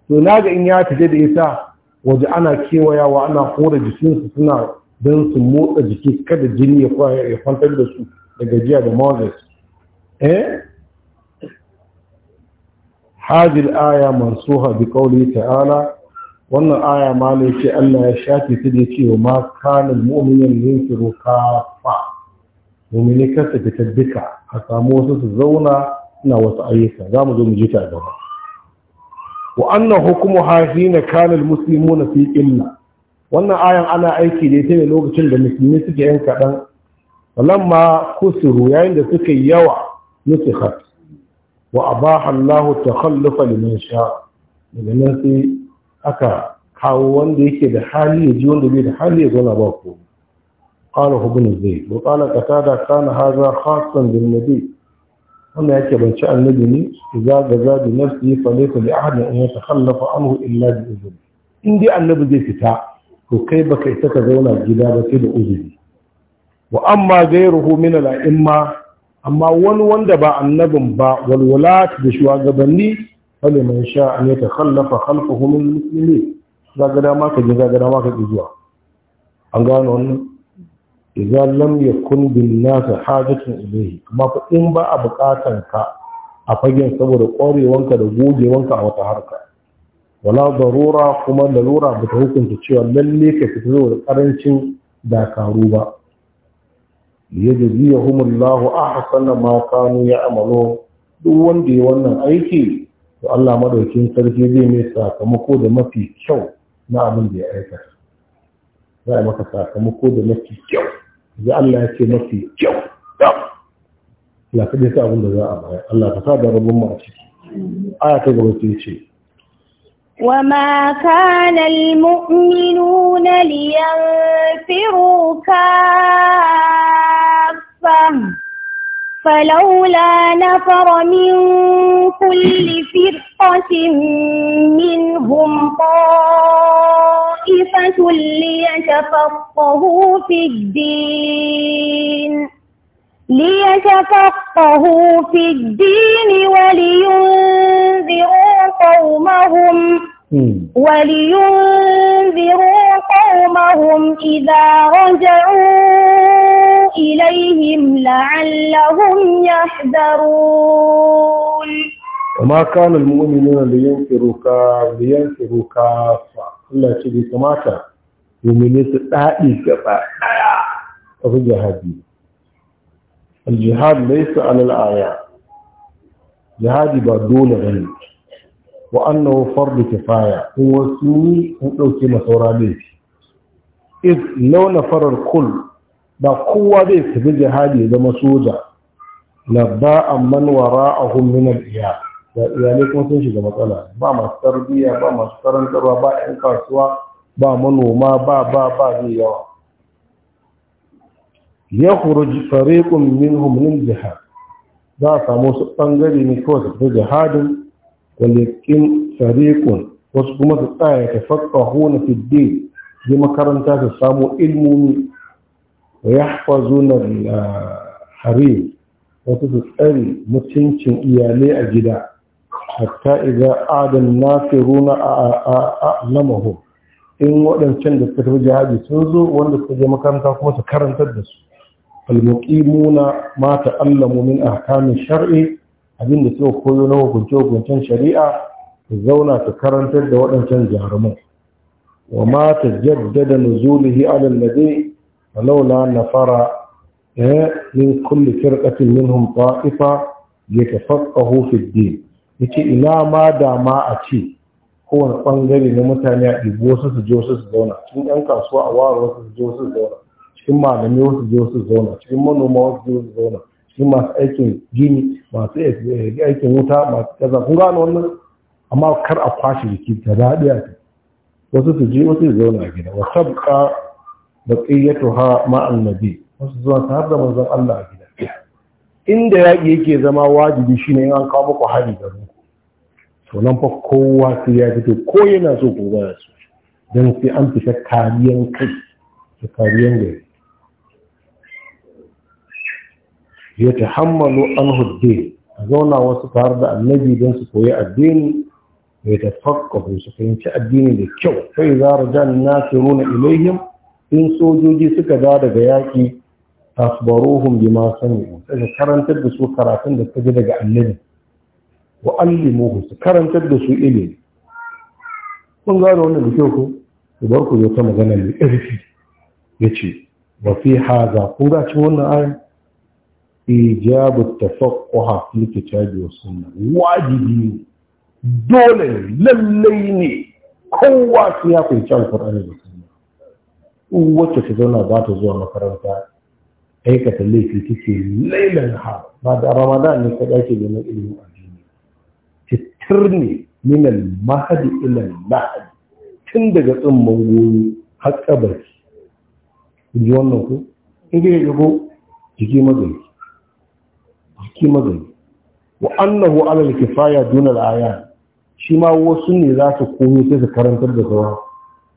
to naga in ya taje da yasa waje ana kewaya wa ana hore jikinsu suna don su motsa jiki kada jini ya ya fantar da su da gajiya da mawazarsu eh hadil aya mansuha bi qawli ta'ala wannan aya ma ne ce Allah ya shafi ta da cewa ma kana mu'minin yunfiru kafa mu'mini kasa fitar duka a samu wasu su zauna ina wasu ayyuka za mu zo mu ji ta gaba wa anna hukumu hazina kana muslimuna fi illa wannan ayan ana aiki da ta lokacin da musulmi suke yan kadan lamma kusuru yayin da suke yawa nufihat wa abaha Allah takhallufa liman sha Idan sai aka kawo wanda yake da hali ya ji wanda bai da hali ya zauna ba ko qala ibn zayd wa qala qatada kana hadha khassan bin nabi wanda yake bance annabi ne idza gaza bi nafsi fa laysa li ahadin an yatakhallafa anhu illa bi izni in dai annabi zai fita to kai baka isa ka zauna gida ba sai da izini. wa amma ghayruhu min al-a'imma amma wani wanda ba annabin ba walwalat da shugabanni wale mai sha kallafa ne ta kallafa min muslimi musulmi dama ka ji zagada maka ji zuwa an gano wannan idan lam kun bin nasa hajatun ilayhi kuma in ba a bukatan ka a fagen saboda kwarewanka da gogewanka a wata harka wala zarura kuma lalura ba ta hukunta cewa lalle ka fita da karancin dakaru ba يجزيهم الله ahsana ma كانوا ya'malun duk wanda ya wannan aiki to Allah madaukin sarki zai mai sakamako da mafi kyau na abin da ya aika za a maka sakamako da mafi kyau da Allah ya ce mafi kyau la kaje ta abin da za a baya Allah ka sa da mu a ciki aya ta gaba ta ce Wa وما كان المؤمنون لينفروا كافرين فلولا نفر من كل فرقة منهم طائفة ليتفقهوا في الدين ليتفقهوا في الدين ولينذروا قومهم ولينذروا قومهم إذا رجعوا إليهم لعلهم يحذرون وما كان المؤمنون لينفروا لينفروا كافة إلا شديد سماكا يؤمنون تتعي كفا أبو جهادي الجهاد ليس على الآيات jihadi بدون dole wa annahu fardu kifaya in wasu ni in dauke masaura laifi if launa farar kul da kowa zai tafi jihadi ya zama soja ba amman wara'ahum min al iya da iyalai kuma sun shiga matsala ba masu tarbiyya ba masu karantarwa ba 'yan kasuwa ba manoma ba ba ba zai yawa ya kuruji fariƙun min humnin jihar za a samu su ɓangare ne kawai su jihadin walikin sariƙun wasu kuma su tsaya ta faƙaho na fidde zai makaranta su samu ilmomi da ya hafazo na wasu su tsare mutuncin iyalai a gida hatta iga adam na runa a lamahu in waɗancan da suka tafi jihadi sun zo wanda suka je makaranta kuma su karantar da su almuqimuna mata ta'allamu min ahkamin shar'i abin da suka koyo na hukunce-hukuncen shari'a su zauna su karantar da waɗancan jaruman wa ma ta jaddada nuzulihi alal nabi kulle nafara eh, min kulli firqatin minhum ta'ifa yatafaqahu fi din yace ina ma da ma a ce kowane bangare na mutane a ɗibo wasu su je wasu su zauna cikin ɗan kasuwa a wara wasu su je wasu su zauna cikin malami wasu je wasu su zauna cikin manoma wasu je wasu su zauna cikin masu aikin gini masu aikin wuta masu kaza kun gano wannan amma kar a kwashe jiki ta daɗiya ta wasu su je wasu su zauna a gida wa sabqa ha ma'an nabi wasu zuwa ta har da manzon Allah a gida inda yaƙi yake zama wajibi shine in an kawo ku hari da ruku to nan fa kowa sai ya fito ko yana so ko ba ya so don sai an fita kariyan kai da kariyan gari ya ta hammalu an hudde a zauna wasu tare da annabi don su koyi addini ya ta fakkahu su fahimci addini da kyau sai za a ke nuna ilayhim in sojoji suka da daga yaƙi tasbaruhum bima sami'u sai karantar da su karatun da suka daga annabi wa allimuhu su karantar da su ilimi kun gane wannan da kyau ko ku bar ku zo ta magana mai ƙarfi ce, wa fi haza kun ga cikin wannan aya ijabu tafaqquha fil kitabi was sunna wajibi dole lallai ne kowa sai ya kunci alqur'ani da sunna wacce ta zauna ba ta zuwa makaranta aikata laifi take lailan ha ba da ramadan ne ka dace da ilimin addini titir ne min al-mahdi ila al tun daga tsimman goyi har kabari ji wannan ku in ga yabo jiki magani shi magani wa annahu alal kifaya duna al aya shi ma wasu ne za su komo sai su karantar da sauran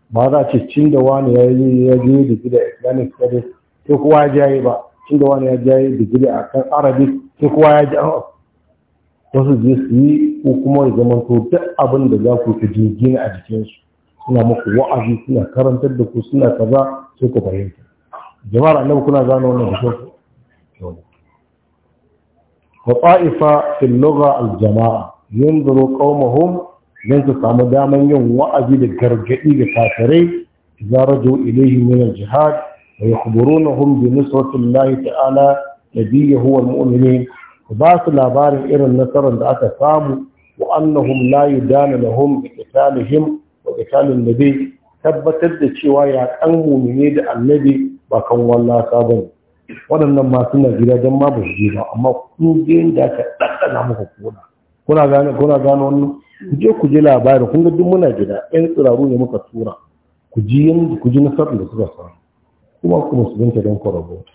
ba za ce cin da wani ya yi ya je da gida islamic studies sai kowa ya jaye ba cin da wani ya jaye da gida a kan arabic sai kowa ya ji wasu je su yi ko kuma ya zama to duk abin da za ku ta jingina a jikinsu suna muku wa'azi suna karantar da ku suna kaza sai ku fahimta jama'ar annabi kuna gano wannan da kyau وطائفة في اللغة الجماعة ينظر قومهم ينظر سامدام يوم وأزيد الجرجئي لكافرين إذا رجوا إليهم من الجهاد ويخبرونهم بنصرة الله تعالى نبيه هو المؤمنين وباس لابار إلى النصر أن أتساموا وأنهم لا يدان لهم بقتالهم وقتال النبي tabbatar da cewa ya kan mumine da annabi ba kan wallaka ba waɗannan masu na gida don ma ba su je ba amma kun je da aka ɗaɗɗana muku kona kuna gane kuna gane wannan ku je ku je labarin kun ga duk muna gida ɗan tsiraru ne muka tura ku ji yanzu ku ji nasarar da suka samu kuma kuma su Binta don kwarabo rabota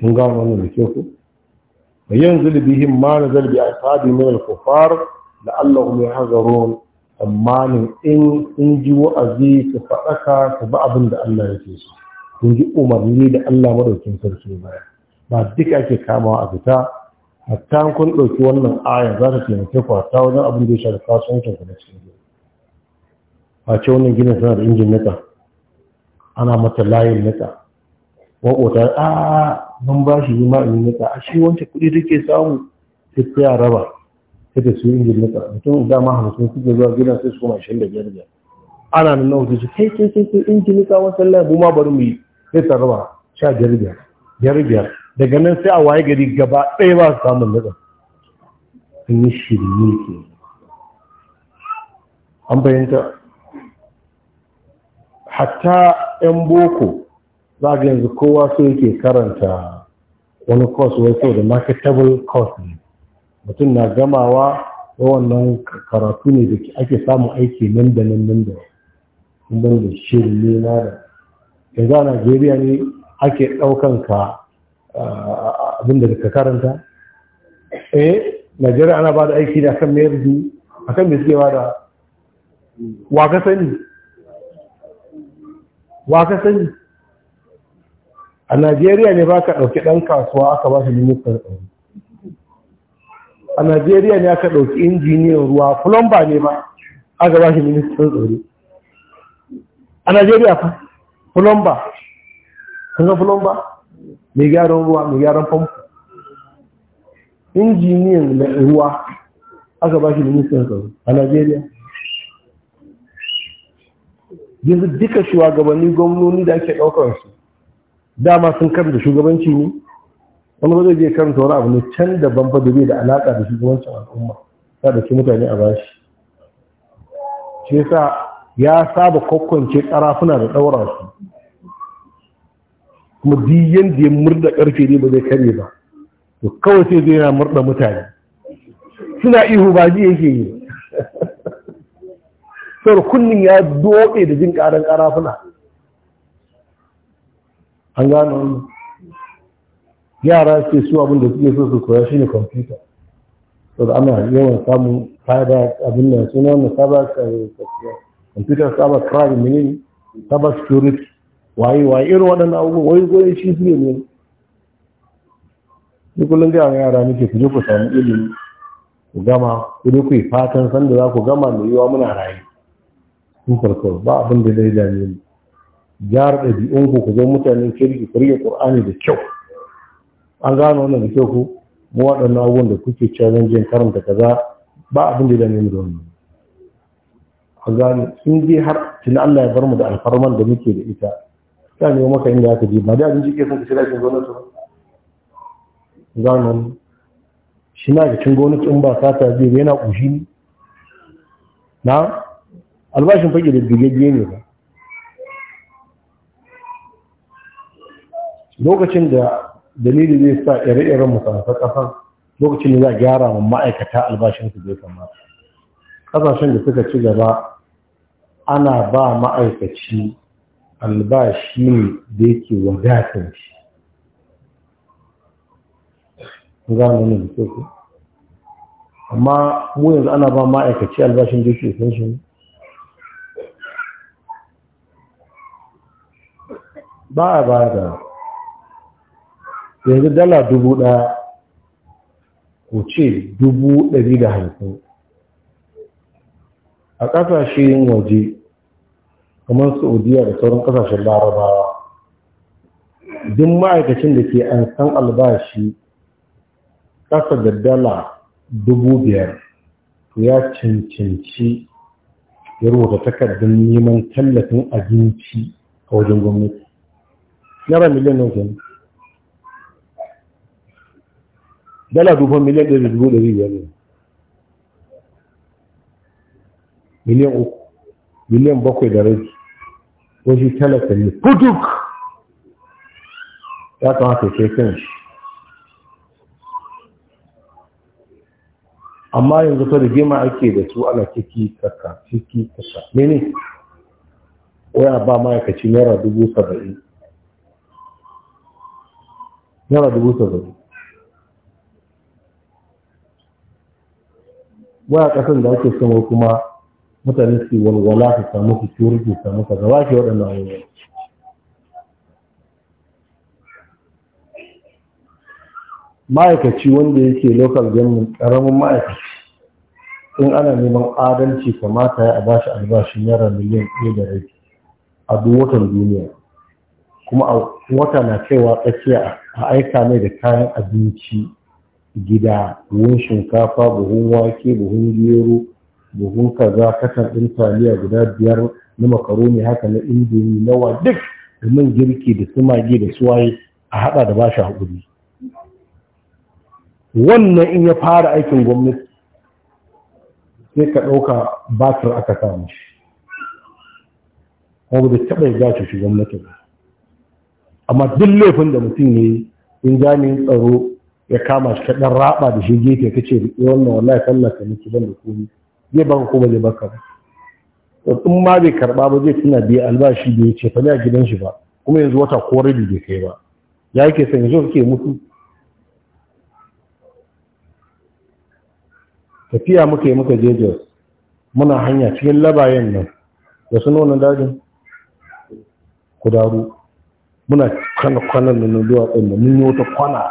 kun gane wannan da ke ku fa yanzu bihim ma nazal bi ashabi min da kufar mai hazarun amma in sun ji wa'azi su faɗaka su ba abin da Allah ke so kun ji umarni da Allah madaukin sarki baya ba duk ake kamawa a fita hatta kun ɗauki wannan aya za ta taimake ku ta wajen abin da ya shafi kasuwancin ku na cikin gida a ce wannan ginin sanar da injin nika ana mata layin nika kota a mun ba shi yi ma'in nika a shi wancan kuɗi duke samu sai raba kada ta su injin nika mutum dama hamsin suke zuwa gidan sai su kuma ashirin da biyar ana nan na wuce kai kai kai injin nika masallah mu ma bari mu yi sai ta sha biyar biyar daga nan sai a waye gari gaba ɗaya ba su samun nada sun yi shirme ke an bayanta hatta 'yan boko za a yanzu kowa so yake karanta wani course wai so da marketable course ne mutum na gamawa da wannan karatu ne da ake samun aiki nan da nan nan da shirme na da yanzu a najeriya ne ake ɗaukan ka abin da ka karanta eh najeriya ana ba da aiki da kan mayar da a kan da suke ba da waka sani waka sani a najeriya ne ba ka ɗauki ɗan kasuwa aka ba shi ministan tsaro a najeriya ne aka ɗauki injiniyan ruwa plumber ne ba aka ba shi ministan tsaro a najeriya fa fulomba kanga fulomba mai gyaran ruwa mai gyaran famfo injiniyan ruwa aka ba shi ministan tsaro a Najeriya yanzu duka shugabanni gwamnoni da ake ɗaukar su dama sun karanta shugabanci ne wani wajen zai karanta wani abu ne can da fa da da alaƙa da shugabancin al'umma sa da ke mutane a bashi shi yasa ya saba kwakwance ƙarafuna da ɗaura su kuma duk yadda ya murda karfe ne ba zai kare ba to kawai sai zai yana murda mutane suna ihu ba ji yake yi sau kunnin ya doɗe da jin ƙaran ƙarafuna an gano wani yara ce su abin da suke so su koya shi ne kwamfuta sau da ana yawan samun fada abin da suna wani saba kwamfuta saba crime kwamfuta saba security waye waye irin waɗannan abubuwa wai goyi shi su ne ni kullum ga yara nake ku je ku samu ilimi ku gama ku je ku yi fatan sanda za ku gama mai yiwa muna raye sun farko ba abin da zai dame ni gyara ɗabi'unku ku zo mutanen kirki ku rike ƙur'ani da kyau an gano wannan da kyau ku mu waɗannan abubuwan da kuke cewa jin karanta kaza ba abin da dame mu da wannan a gano sun je har tuni Allah ya bar mu da alfarman da muke da ita ta nemo maka inda aka je ba da abinci ke son ka shiga cikin gwamnati ba zamani shi na cikin gwamnati in ba sata zai yana ƙushi ne na albashin fage da bigagge ne ba lokacin da dalilin zai sa ire-iren masarautar kasa, lokacin da za a gyara wa ma'aikata albashinsu zai kamata ƙasashen da suka ci gaba ana ba ma'aikaci albashi ne da yake wadatar shi za mu nuna da ku amma mu yanzu ana ba ma'aikaci albashin da yake san shi ba a ba da yanzu dala dubu ɗaya ko ce dubu ɗari da hamsin a ƙasashen waje kamar saudiya da sauran kasashen larabawa duk ma'aikacin da ke an san albashi ƙasa da dala dubu biyar ya cancanci ya rubuta takardar neman tallafin abinci a wajen gwamnati Yara miliyan nan wajen dala dubu miliyan ɗari dubu ɗari biyar ne miliyan uku miliyan bakwai da rai wajen shi talaka ne kuduk ya kamata ke kan shi amma yanzu ta da gima ake da su ana ciki kaka ciki kaka mene waya ba ma'aikaci naira dubu saba'i naira dubu saba'i waya kasan da ake samu kuma mutane su walwala su samu su security su samu ka ba shi waɗannan abubuwa ma'aikaci wanda yake local government ƙaramin ma'aikaci in ana neman adalci kamata ya bashi albashin yara miliyan ɗaya da rai a duk watan duniya kuma a wata na kaiwa tsakiya a aika mai da kayan abinci gida buhun shinkafa buhun wake buhun gero buhun kaza kasan ɗin taliya guda biyar na makaroni haka na indomi nawa duk da man girki da sumage da suwaye a haɗa da bashi haƙuri wannan in ya fara aikin gwamnati sai ka ɗauka batir aka samu shi kuma da taɓa ya gace shi gwamnati ba amma duk laifin da mutum ya yi in jami'in tsaro ya kama shi kaɗan raɓa da shi gefe ka ce riƙe wannan wallahi sallah ka miki ban da komi zai ba ko bane baka ba in ma bai karba ba zai tuna bai albashi bai ce fa a gidan shi ba kuma yanzu wata ko rabi bai kai ba ya ke san yanzu kake mutu tafiya muka yi muka je Jos muna hanya cikin labayen nan da su nuna dajin Ku kudaru muna kana kwanan nan duwatsun da mun yi wata kwana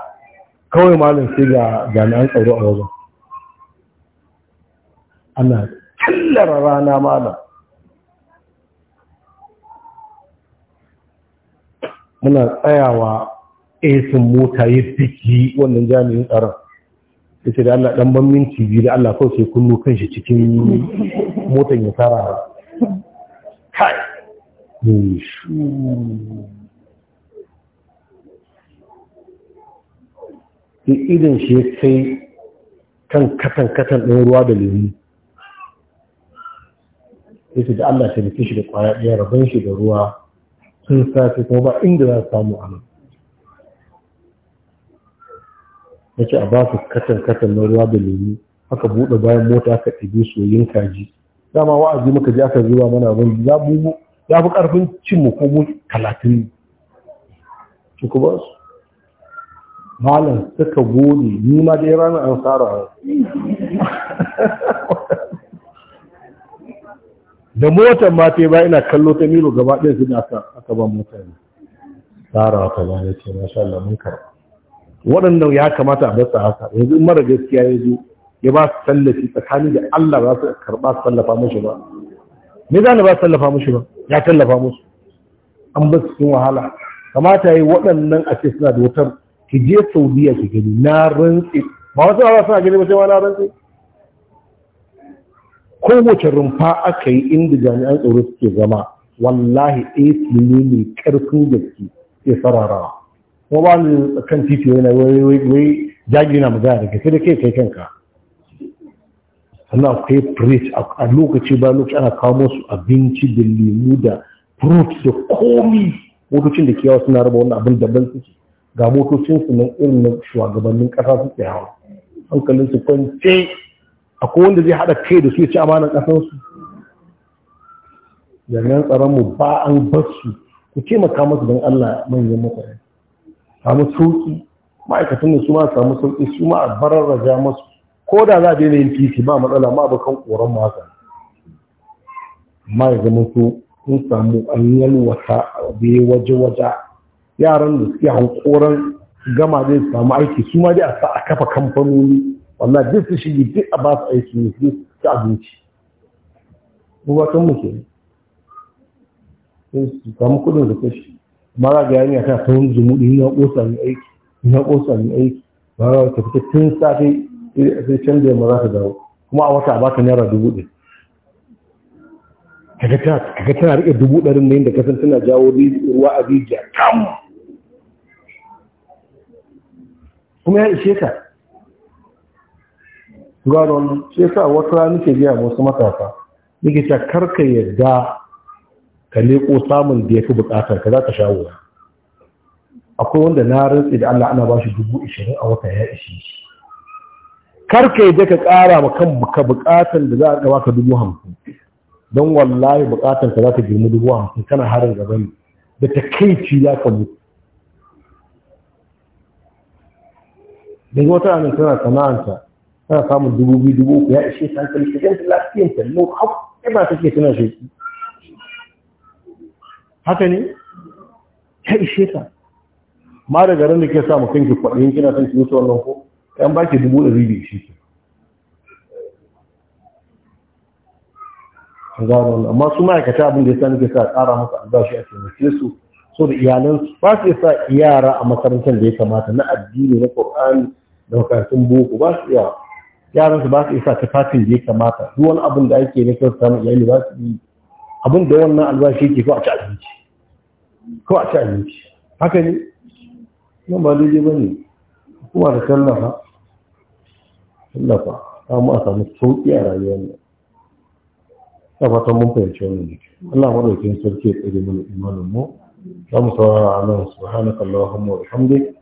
kawai malam sai ga jami'an tsaro a wajen ana tallara rana mana muna tsayawa esin mota ya fiki wannan jami'in tsaron ya ce da Allah ɗan ban minti biyu da Allah kawai sai kullu kan shi cikin motan ya tara kai idan shi ya kai kan katan katan ɗin ruwa da lemu yake da Allah ta biki shi da kwaya ɗaya rabon shi da ruwa sun sace kuma ba inda za su samu a nan ya ce a basu su katan-katan na ruwa da lemu aka buɗe bayan mota aka ɗage soyin kaji dama wa'azi muka ji aka zuwa mana abin ya mu ya fi ƙarfin cin mu ko mu talatin su ku ba su malam suka gode ni ma dai ranar an tsara da motar ma ta ba ina kallo ta miro gaba ɗaya su da aka ba mutane tsara ta ba ya ce masha Allah mun karɓa waɗannan ya kamata a dasa haka yanzu mara gaskiya ya zo ya ba su tallafi tsakanin da Allah ba su karɓa su tallafa mushi ba me za ni ba su tallafa mushi ba ya tallafa musu an ba su sun wahala kamata ya yi waɗannan a ce suna da wutar ki je Saudiya ki gani na rantsi ba wasu ba suna gani ba sai ma na rantsi kowace rumfa aka yi inda jami'an tsaro suke zama wallahi ac ne mai karfin gaske ya sararawa kuma ba ni kan titi wai wai jagi na magana da sai da kai kai kanka sannan akwai preach a lokaci ba lokaci ana kawo musu abinci da lemu da fruit da komi motocin da kiyawa suna raba wani abin daban suke ga motocinsu nan irin na shugabannin ƙasa suke hawa hankalinsu kwance akwai wanda zai haɗa kai da su ya ci amanar ƙasansu tsaron mu ba an basu ku taimaka masu don Allah manyan mutane samu sauƙi ma'aikatan da su ma samu sauƙi su ma a ja masu ko da za a daina yin titi ba matsala ma abokan ƙoron ma ma ya zama su sun samu an yalwata bai waje-waje yaran da suke hankoran gama zai samu aiki su ma dai a sa a kafa kamfanoni wannan duk su shige duk a ba su aiki ne su ta abinci bukatun mu muke sai su samu kudin da kashi mara ga yanya ta ta wani zumuɗi na ƙosa mai aiki na ƙosa mai aiki mara ta fita tun safe sai canza yamma za ta dawo kuma a wata a baka naira dubu ɗin kaga tana riƙe dubu ɗarin ne da kasan tana jawo ruwa a rijiya kamu kuma ya ishe ka gano shi sa wata rana nake biya wasu matasa nake ta karka yadda ka leko samun da fi bukatar ka za ka sha wuya akwai wanda na rantsi da Allah ana bashi dubu ishirin a wata ya ishe shi karka yadda ka kara ma kan ka bukatar da za a baka dubu hamsin don wallahi bukatar ka za ta girma dubu hamsin kana harin da ta kai ci ya ka mutu daga wata ana na sana'anta ana samun dubu biyu dubu uku ya ishe ta hankali ta ganta lafiyan ta lau hau ba ke tana sheki haka ne ya ishe ta ma da garin da ke sa mu kanki kwaɗayin kina son ki wuce wannan ko kan ba ki dubu ɗari biyu shi ke gano amma su ma'aikata abin da ya sani ke sa tsara masa albashi a taimake su so da iyalansu ba su sa yara a makarantar da ya kamata na addini na ƙur'ani da makarantun boko ba su yawa yaran su ba su isa tufafin da ya kamata duk wani abin da ake na kyauta mu iyali ba su yi abin da wannan albashi ke ko a ci abinci kawai a ci abinci haka ne nan ba daidai ba ne kuma da tallafa tallafa mu a samu sauƙi a rayuwar nan ta fata mun fahimci wannan ne Allah madaukakin sarki ya tsare mana imanin mu za mu saurara a nan subhanakallahumma wa bihamdika